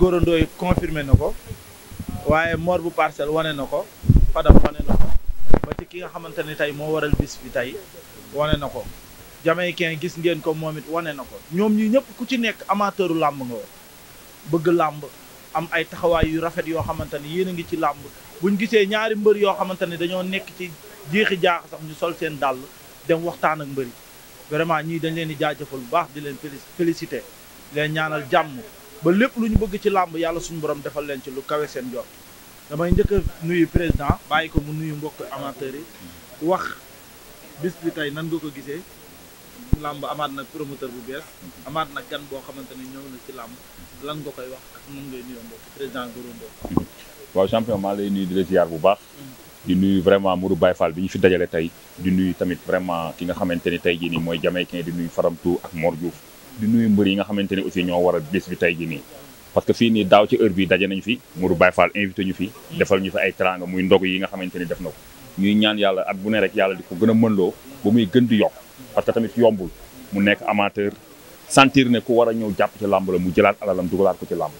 Gora Ndoye confirmé na ko waaye Mor bu parcelle wane na ko Fadam wane na ko ba ci ki nga xamante ne tey moo waral bis bi tey wane na ko Jamaïcain gis ngeen ko moom it wane na ko ñoom ñi ñëpp ku ci nekk amateuru làmb nga bëgg làmb am ay taxawaay yu rafet yoo xamante ni yéen a ngi ci làmb bu buñ gisee ñaari mbër yoo xamante ne dañoo nekk ci jeexi jaax ñu sol seen dàll dem waxtaan ak mbëri vraiment ñii dañ leen di baax di leen félicité leen ba lépp lu ñu bëgg ci làmb yàlla suñu borom defal leen ci lu kawe seen jot damay njëkk nuyu président bàyyi ko mu nuyu mbokk amateurs yi wax bis bi tey nan nga ko gisee làmb amaat nag promoteur bu bees amaat nag gan boo xamante ne ñëw na ci làmb lan nga koy wax ak nan ngay nuyu mbokk président Gora Ndong waaw champion maa lay nuyu di la ziar bu baax di nuyu vraiment Mourou Baye Fall bi ñu fi dajale tey di nuyu tamit vraiment ki nga xamante ni tey jii nii mooy Jamaïcain di nuyu Faram Tou ak Mor Diouf di nuyu mbër yi nga xamante ne aussi ñoo wara a bés bi tey ji nii parce que fii nii daaw ci heure bi daje nañ fi Mourou Baye Fall invité ñu fi defal ñu fi ay teranga muy ndog yi nga xamante def na ko ñuy ñaan yàlla at bu ne rek yàlla di ko gën a mënloo ba muy gën di yokk parce que tamit yombul mu nekk amateur sentir ne ku war a ñëw jàpp ci làmb la mu jëlaat alalam dugalaat ko ci làmb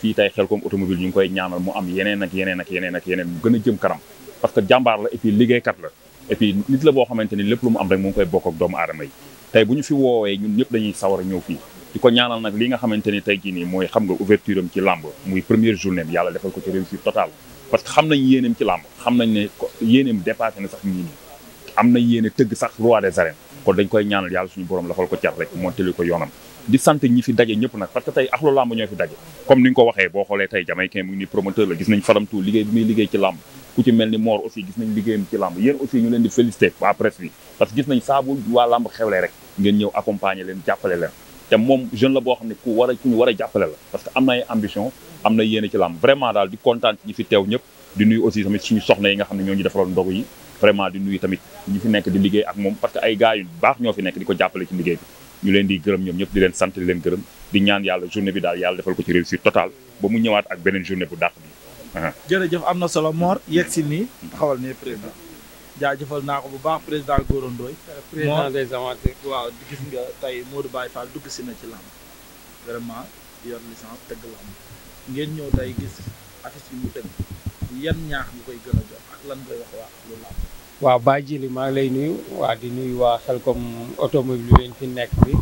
fii tey xel comme automobile ñu ngi koy ñaanal mu am yeneen ak yeneen ak yeneen ak yeneen mu jëm kanam parce que jàmbaar la et puis liggéeykat boo xamante ni lépp lu mu am rek mu ngi koy doomu aadama yi tey bu ñu fi woowee ñun ñëpp dañuy sawar a ñëw fii di ko ñaanal nag li nga xamante ni tey jii nii mooy xam nga ouverture am ci làmb muy première journée bi yàlla defal ko ci réussite totale parce que xam nañ yéeneem ci làmb xam nañ ne yéeneem dépassé na sax ñii nii am na yéene tëgg sax roi des arènes kon dañ koy ñaanal yàlla suñu borom lafal ko car rek moo tëli ko yoonam di sant ñi fi daje ñëpp nag parce que tey axlu làmb ñoo fi daje comme ni ko ku ci mel ni Mor aussi gis nañ liggéeyam ci làmb yéen aussi ñu leen di félicité waa presse bi parce que gis nañ saabu waa làmb xewle rek ngeen ñëw accompagner leen jàppale leen te moom jeune la boo xam ne ku war a ku ñu war a jàppale la parce que am na ay ambition am na yéene ci làmb vraiment daal di kontaan ci ñi fi teew ñëpp di nuyu aussi tamit suñu soxna yi nga xam ne ñoo ñu defaral ndogu yi vraiment di nuyu tamit ñi fi nekk di liggéey ak moom parce que ay gars yu ko jàppale ci liggéey bi ñu leen ñëpp di sant leen gërëm di ñaan yàlla journée bi daal yàlla defal ko ci réussite ak beneen journée bu jërëjëf am na solo Mor yegg si nii taxawal ne président jaajëfal naa ko bu baax président Gora dooy président des amateurs waaw gis nga tey du Baye Fall dugg si na ci làmb vraiment yor licence tëgg làmb ngeen ñëw tey gis affiche yi mu tëgg yan ñaax ñu koy gën a jox ak lan koy wax waa lu maa ngi lay nuyu waa di nuyu waa Xelcom automobile bi fi nekk bi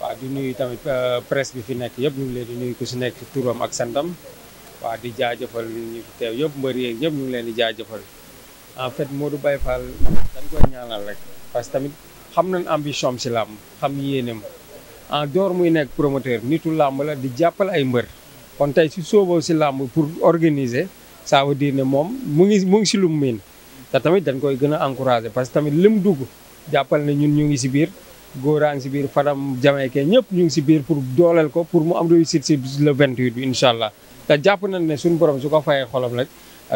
waaw di nuyu tamit euh, presse bi fi nekk yëpp ñu ngi leen di nuyu ku si nekk turam ak santam waa di jaajëfal ñi fi teew yëpp mbër yeeg ñëpp ñu ngi leen di jaajëfal en fait Modou Baye Fall dañ koy ñaanal rek parce que tamit xam na ambition am si làmb xam yéenem en door muy nekk promoteur nitu làmb la di jàppal ay mbër kon tey si sooboo si làmb pour organiser ça ne moom mu ngi mu ngi si lu mu miin te tamit dañ koy gën a encourager parce que tamit lim dugg jàppal ne ñun ñu ngi si biir góoraa ngi si biir Fadam Jamaïque ñëpp ñu ngi si biir pour dooleel ko pour mu am réussite si le 28 bi incha allah te jàpp nañ ne suñ borom su ko fayee xolam rek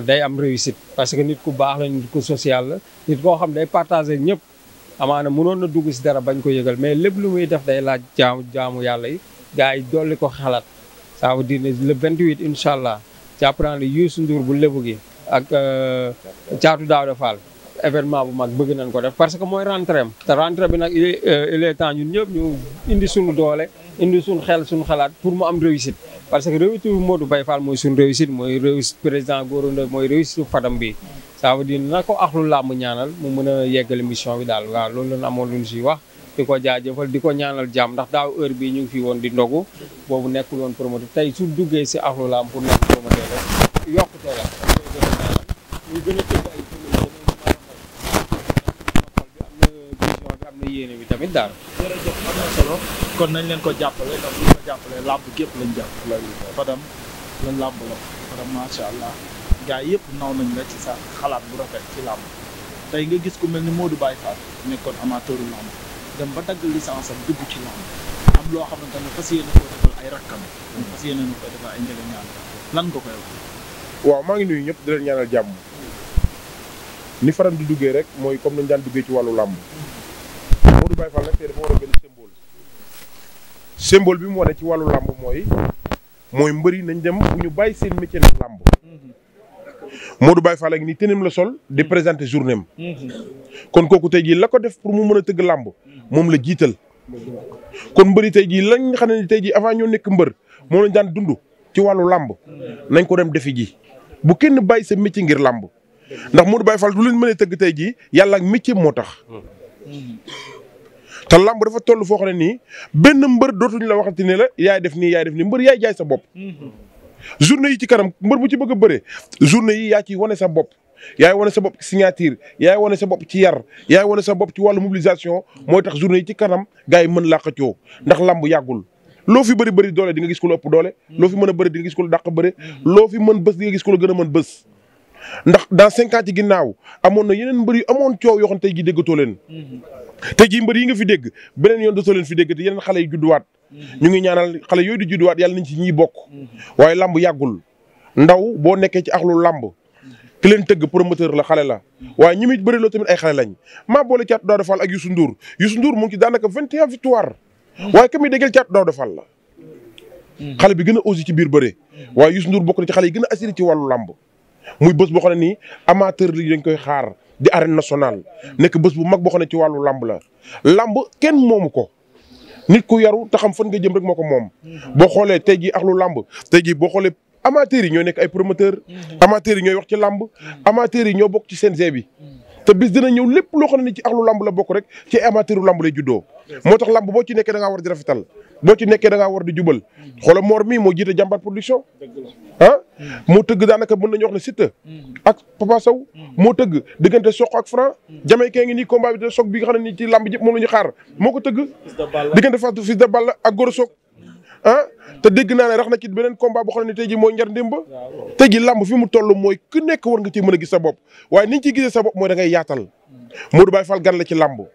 day am réussit parce que nit ku baax la nit ku social la nit koo xam day partagé ñëpp amaana mënoon na dugg si dara bañ ko yëgal mais lépp lu muy def day laaj jaamu jaamu yàlla yi gars yi dolli ko xalaat ça veut dire le 28 incha allah jàpp naa ne Youssou Ndour bu lébu gi ak euh, Thiatou Daouda Fall. événement bu mag bëgg nañ ko def parce que mooy rentrée am te rentrée bi nag il est euh, temps ñun ñëpp ñu indi suñu doole indi suñu xel suñu xalaat pour mu am réussite parce que réussite bu Modou Baye Fall mooy suñu réussite mooy réussite président Gora mooy réussite Fadam bi ça veut dire na ko axlu làmb ñaanal mu mën a yeggale mission bi daal waaw loolu lañ amoon lu ñu siy wax di ko jaajëfal di ko ñaanal jàmm ndax daaw heure bii ñu ngi fi woon di ndogu boobu nekkul woon promoteur tey su duggee si axlu làmb pour nekk rek daal. kon nañ leen ko jàppale jàppalee làmb gépp lañ jàppale. Fadam la làmb la Fadam macha allah gars yëpp naw nañ la ci sa xalaat bu rafet ci làmb tey nga gis ku mel ni Modou Baye Fall nekkoon amateuru làmb dem ba dagg licence am dugg ci làmb am loo xamante ne fas yéene ko defal ay rakkam. fas yéene ko defal ay njëgëñaan lan nga koy wax. waaw maa ngi nuyu ñëpp di leen ñaanal jàmm. ni Fadam di duggee rek mooy comme nañ daan duggee ci wàllu làmb. Baye Fall nag tey dafa war bi mu wane ci wàllu làmb mooy mooy mbëri nañ dem bu ñu bàyyi seen métier nag làmb Modou Baye ni la sol di présenter journée kon kooku tey jii la def pour mu a tëgg làmb moom la jiital kon mbëri tey jii lañ nga tey jii avant ñoo nekk mbër moo lañ daan dund ci wàllu làmb nañ ko dem defi ji bu kenn bàyyi sa métier ngir làmb ndax Modou Baye Fall ak métier moo tax te lamb dafa toll foo xam ne nii benn mbër dootuñ la waxati ne la yaay def nii yaay def nii mbër yaay jaay sa bopp. journée yi ci kanam mbër bu ci bëgg a bëree journée yi yaa ciy wane sa bopp. yaay wane sa bopp ci signature yaay wane sa bopp ci yar yaay wane sa bopp ci wàllu mobilisation mooy tax journée yi ci kanam gars yi mën laa xëccoo ndax lamb yàggul. loo fi bëri bëri doole di nga gis ku la ëpp doole. loo fi mën a bëri di nga gis ku la bëri. loo fi mën bës di nga gën a mën bës. ndax dans cinq ans ci ginnaaw amoon na yeneen mbër yu amoon coow yoo xam tey jii déggatoo leen te ji mbër yi nga fi dégg beneen yoon dootoo leen fi dégg te yeneen xale yu judduwaat mm-hmm. ñu ngi ñaanal xale yooyu di judduwaat yàlla nañ ci ñiy bokk mm-hmm. waaye lamb yàggul ndaw boo nekkee ci axlu lamb mm-hmm. ki leen tëgg promoteur la xale la waaye ñi muy loo tamit ay xale lañ maa boole caatu Daouda Fall ak Youssou Ndour Youssou Ndour mu ki ci daanaka vingt et un victoire waaye ka muy déggeel caatu Daouda Fall la xale bi gën a osé ci biir bëre waaye Youssou Ndour bokk na ci xale yi gën a assuré ci wàllu lamb muy bés boo xam ne nii amateur li dañ koy xaar di arène nationale nekk bés bu mag boo xam ci wàllu lamb la lamb kenn moomu ko nit ku yaru te xam fan nga jëm rek moo ko moom. boo xoolee tey jii ak làmb lamb tey jii boo xoolee amateurs yi ñoo nekk ay promoteur amateurs yi ñooy wax ci làmb amateurs yi ñoo bokk ci CNG bi. te bis dina ñëw lépp loo xam ne ci ak lu la bokk rek ci amateuru lamb la juddoo. moo tax lamb boo ci nekkee da ngaa war di rafetal. boo ci nekkee da ngaa war di jubal xoola moor mii moo jiite jàmbaar production ah moo tëgg daanaka mën nañu wax ne Siteu ak Papa Sow moo tëgg diggante Sokh ak Franc jamay kee ngi nii combat bi de bi nga xam ne nii ci làmb jëpp moom la ñu xaar moo ko tëgg diggante Fass Fils de Balla a Goro Sock ah te dégg naa ne rax na ci beneen combat boo xam ne tey jii mooy njar ndimba tey jii làmb fi mu toll mooy ki nekk war nga ci mën a gis sa bopp waaye ni ñu ciy gisee sa bopp mooy da ngay yaatal Modou Baye Fall gan la ci làmb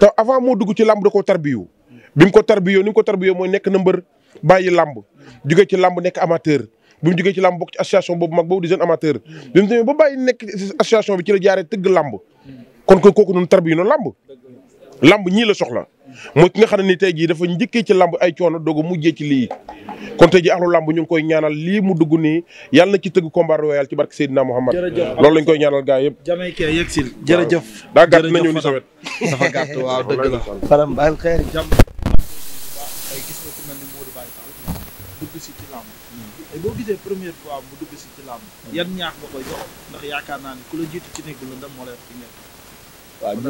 te avant moo dugg ci lamb da ko tarbiyu bi mu ko tarbiyoo ni mu ko tarbiyoo mooy nekk na mbër bàyyi làmb jugee ci làmb nekk amateur bi mu jugee ci làmb bokk ci association boobu mag boobu di jeune amateur bi mu demee ba bàyyi bi ci la jaaree tëgg làmb ko kooku noonu tarbiyoo noonu làmb làmb ñii la soxla mooy ki nga xam ne ni tey jii dafa njëkkee ci làmb ay coono doog a mujjee ci lii kon tey jii ahlu làmb ñu ngi koy ñaanal lii mu dugg nii yàlla na ci tëgg combat royal ci barke Seydina Muhammad loolu lañ koy ñaanal gaa yëpp jamayke yegg si jërëjëf daa gàtt nañu ni sawet dafa gàtt waaw si ci làmb nga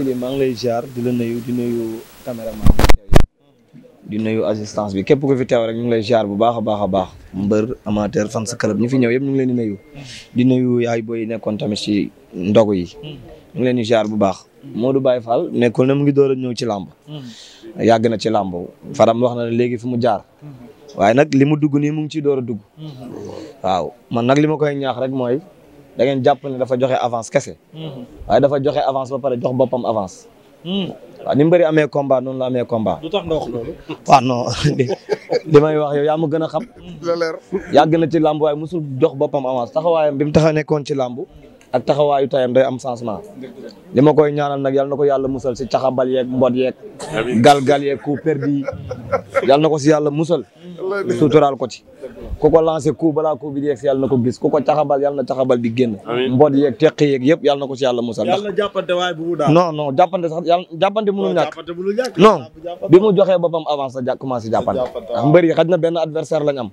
lay maa ngi lay jaar di la nuyu di nuyu caméraman bi teew di assistance bi képp ku fi teew rek ñu ngi lay jaar bu baax a baax a baax mbër amateur fan sa club ñu fi ñëw yëpp ñu ngi leen di nuyu di nuyu yaay booy nekkoon tamit ci ndogu yi hmm. ñu ngi leen di jaar bu baax hmm. moo du Baye Fall nekkul ne mu ngi door a ñëw ci làmb hmm. yàgg na ci làmb Fadam wax na ne léegi mu jaar waaye nag li mu dugg nii mu ngi ciy door a dugg. Mm-hmm. waaw man nag li ma koy ñaax rek mooy da ngeen jàpp ne dafa joxe avance kese. Mm-hmm. waaye dafa joxe avance ba pare jox boppam avance. Mm. waaw ni mu bëri amee combat noonu la amee combat. lu tax nga wax loolu. waaw non li may wax yow yaa ma gën a xam. Mm. la leer yàgg na ci lamb waaye mosul jox boppam avance taxawaayam bi mu taxa nekkoon ci làmb. ak taxawaayu tayam day am changement li ma koy ñaanal nag yal na ko yàlla musal si caxabal yeeg mbot yeeg galgal yeeg coup perdu yi yal na ko si yàlla musal suturaal ko ci ku ko lancé balaa ko bi di yegg si yàlla na ko gis ku ko bal yal na caxabal bi génn mbot yeeg teq yeeg yëpp yal na ko si yàlla musal yàlla jàppante waaye bu mu daal non non jàppante sax yàlla jàppante mënul ñàkk non bi mu joxee boppam avance a commencé jàppante ndax mbër yi xaj na benn adversaire lañ am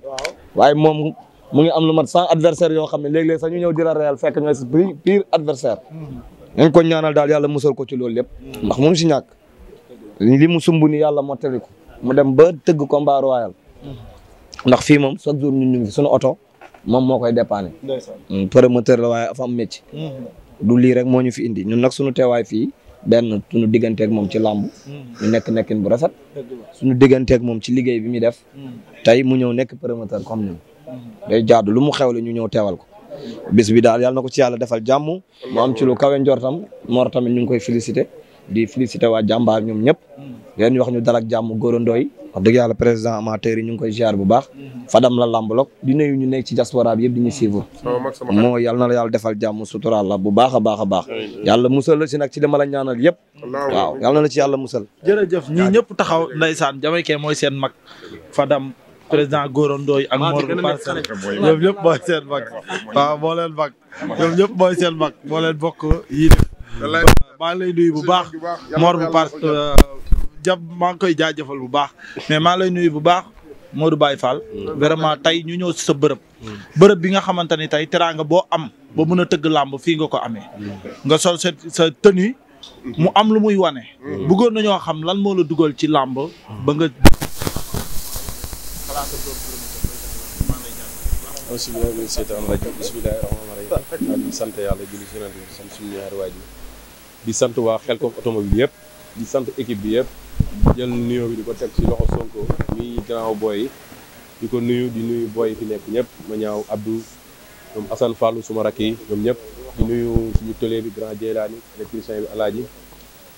waaye moom mu ngi am lu mat cent adversaire yoo xam ne léeg-léeg sax ñu ñëw di la fekk nga si pire adversaire nañ ko ñaanal daal yàlla musal ko ci loolu lépp ndax mu si ñàkk li mu sumb ni yàlla moo tëri ko mu dem ba tëgg combat royal ndax fii moom chaque jour ñun ñu oto moom moo koy dépanner mm, promoteur la waaye dafa am métier mm-hmm. du lii rek moo ñu fi indi ñun nag suñu teewaay fii benn suñu digganteeg moom ci làmb mm-hmm. ñu nekk nekkin bu rafet suñu digganteeg moom ci liggéey bi muy def mm-hmm. tey mu ñëw nekk promoteur comme ñun day jaadu lu mu xewle ñu ñëw teewal ko bis bi daal yàlla na ko ci yàlla defal jàmm mu am ci lu kawe njortam Mor tamit ñu koy félicité yi ñu ngi koy ziar bu baax Fadam la làmbaloog di nuyu ñu nekk ci diaspora bi yëpp di ñu suivre moo yàlla na la yàlla defal jàmm sutural bu baax a baax a musal la si nag ci dama la ñaanal yëpp waaw yàlla na la ci yàlla musal ñii ñëpp taxaw ndeysaan Jamaïcain mooy seen mag Fadam président Goro Ndoye ak Mor Parcelles ñoom ñëpp mooy seen mag waaw moo leen bokk yi maa lay nuyu bu baax Mor bu Parcelles euh, jàpp maa ngi koy jaajëfal bu baax mais maa lay nuyu bu baax Modou Baye Fall vraiment tey ñu ñëw si sa bërëb bërëb bi nga xamante ni tey teraanga boo am ba mën a tëgg làmb fii nga ko amee nga sol sa sa tenue mu am lu muy wane mm-hmm. bëggoon nañoo xam lan moo la dugal ci làmb ba nga auzu billaahi mina seytaani rajiim bismillaahi rahmaani rahiim sant yàlla julli si yonent bi sant suñu ñaari di sant waa xel Xelcom automobile yëpp di sant équipe bi yëpp jël nuyoo bi di ko teg si loxo Sonko mi grand boy yi di ko nuyu di nuyu boy yi fi nekk ñëpp ma ñaaw Abdou ñoom Assane Fallou suma rakk yi ñoom ñëpp di nuyu suñu tëlee bi grand Jeylaani électricien bi Alaaji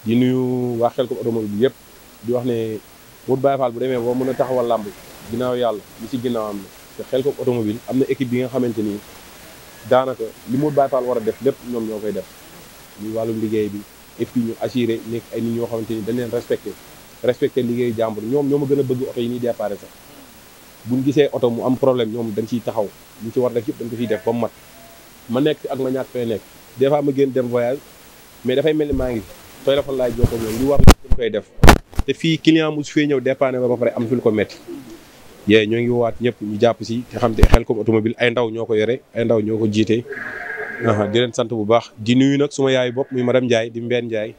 di nuyu waa Xelcom automobile yëpp di wax ne Modou Baye Fall bu demee boo mën a taxawal làmb ginnaaw yàlla ci si ginnaawam la te Khelcom automobile am na équipe bi nga xamante ni daanaka li mu Baye Fall war a def lépp ñoom ñoo koy def ñu wàllum liggéey bi et puis ñu assuré nekk ay nit ñoo xamante ni dañ leen respecté respecté liggéeyu jàmbur ñoom ñoo ma gën a bëgg oto yi ñuy déparé sax buñ gisee oto mu am problème ñoom dañ ciy taxaw ñu ci war def yëpp dañ ko ciy def ba mu mat ma nekk ak ma ñàkk fay nekk des fois ma gën dem voyage mais dafay mel ni maa ngi téléphone laay jokkoo ñoom ñu war dañ koy def te fii mu su fee ñëw dépanné ba ba am suñ ko yee ñoo ngi waat ñëpp ñu jàpp si te xam te Khelcom automobile ay ndaw ñoo ko yore ay ndaw ñoo ko jiite di leen sant bu baax di nuyu nag suma yaay bopp muy madame Ndiaye di Mbène Ndiaye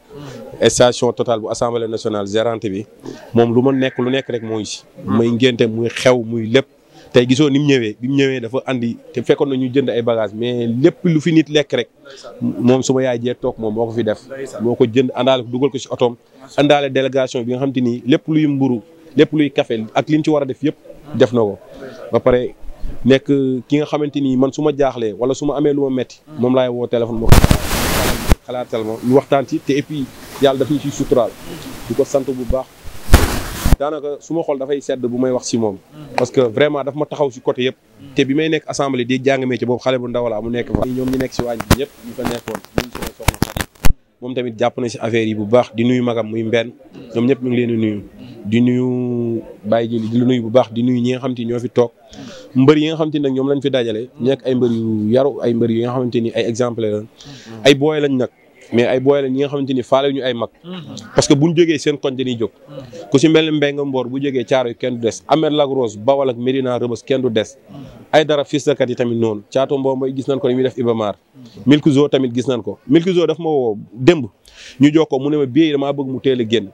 station Total bu assemblée nationale gérante bi moom lu ma nekk lu nekk rek moo ngi si muy ngénte xew muy lépp tey gisoo ni mu ñëwee ñëwee dafa andi te fekkoon na ñu jënd ay bagages mais lépp lu fi nit lekk rek moom suma yaay jee toog moom moo ko fi def moo ko jënd àndaale dugal ko si otoom àndaale délégation bi nga xam te ni lépp luy mburu lépp luy café ak li mu ci war a def yëpp def na ko ba pare nekk ki nga xamante nii man su ma jaaxlee wala su ma amee lu ma metti moom laay woo téléphone mo xalaatal ma waxtaan ci te et puis yàlla daf ñu ciy suturaal ko sant bu baax daanaka su ma xool dafay sedd bu may wax si moom parce que vraiment daf ma taxaw si côté yëpp te bi may nekk assemblée di jàng métier boobu xale bu ndaw mu nekk fa ñoom ñu nekk si waañ ñëpp ñu fa nekkoon ñu moom tamit jàpp na si affaire yi bu baax di nuyu magam muy mbenn ñoom ñëpp mi ngi leen di nuyu di nuyu Baye di nuyu bu baax di nuyu ñi nga xam te ñoo fi toog mbër yi nga xam te nag ñoom lañ fi dajale nekk ay mbër yu yaru ay mbër yi nga xamante ni ay exemple lañ ay booy lañ nag mais ay booy lañ ñi nga xamante ni faale ñu ay mag parce que buñ jógee seen koñ dañuy ku si mel ni Mbengue Mbor bu jógee caaro yu kenn du des Ameth Lac Rose Bawal Médina Rëbës kenn du des ay dara fils de kat yi tamit noonu caato mboombay gis nañ ko ni muy def Ibamar Milkzo tamit gis nañ ko Milkzo daf ma mu ne ma bii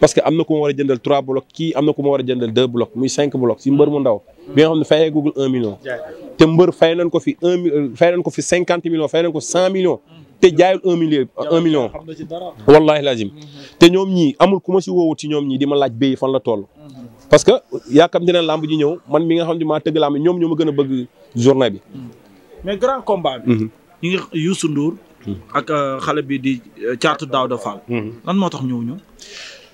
parce que am na ku ma war a jëndal trois blocs kii am na a jëndal deux blocs muy cinq blocs si mbër mu ndaw bi nga xam ne fayee gugul un million te mbër fay nañ ko fi un euh, fay nañ ko fi cinquante millions fay nañ ko cent millions te jaayul un million wallahi lazim te ñoom ñii amul ku ma si woowu ci ñoom ñii di ma laaj béy fan la toll parce que yaakam dina lamb ji ñëw man mi nga xam ne maa tëgg lamb ñoom ñoo ma gën a bëgg journée bi mais grand combat bi mhm. ñu ngi mhm. ak euh, xale bi di euh, Thiatou Daouda Fall mhm. lan moo tax ñëw ñëw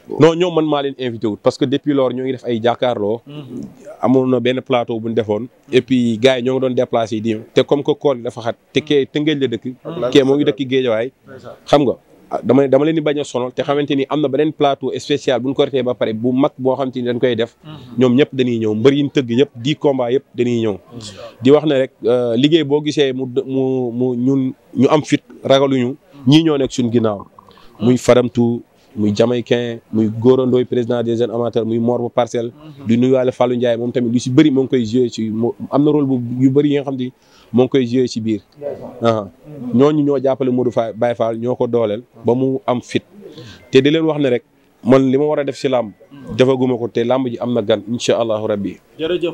non ñoom man maa leen invité wut parce que depuis lors ñoo ngi def ay jàkkaarloo. Mm-hmm. amoon na benn plateau bu ñu defoon. Mm-hmm. et puis ñoo ngi doon déplacé di te comme que koor gi dafa xat te kee Tëngéej la dëkk. Mm-hmm. kee moo ngi dëkk Géejawaay. xam nga ah, dama leen bañ a sonal te xamante ni am na beneen plateau spécial bu ñu ko retee ba pare bu mag boo xam te ni dañ koy def. ñoom ñëpp dañuy ñëw mbër yi ñu tëgg yëpp di combat yëpp dañuy ñëw. di wax ne rek euh, liggéey boo gisee mu mu mu ñun ñu am fit ragaluñu ñii ñoo nekk suñu ginnaaw muy muy jamaïcain muy góorandooy président de jeunes amateurs muy mor bu parcelle mhm. di nuyuwaale Fallou Ndiaye moom tamit lu si bëri moo ngi koy joué na rôle bu yu bëri yi nga ni moo ngi koy joué ci biir aa ñooñu ñoo jàppale Modou Faye Baye Fall ñoo ko dooleel ba mu am fit te di leen wax ne rek man li ma war a def si làmb mhm. defaguma ko te làmb ji am na gan incha allahu rabbi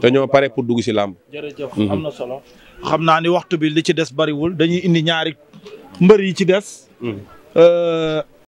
te ñoo pare pour dugg si làmb jërëjëf mhm. am na solo xam naa ni waxtu bi li ci des bëriwul dañuy indi ñaari mbër yi ci des euh,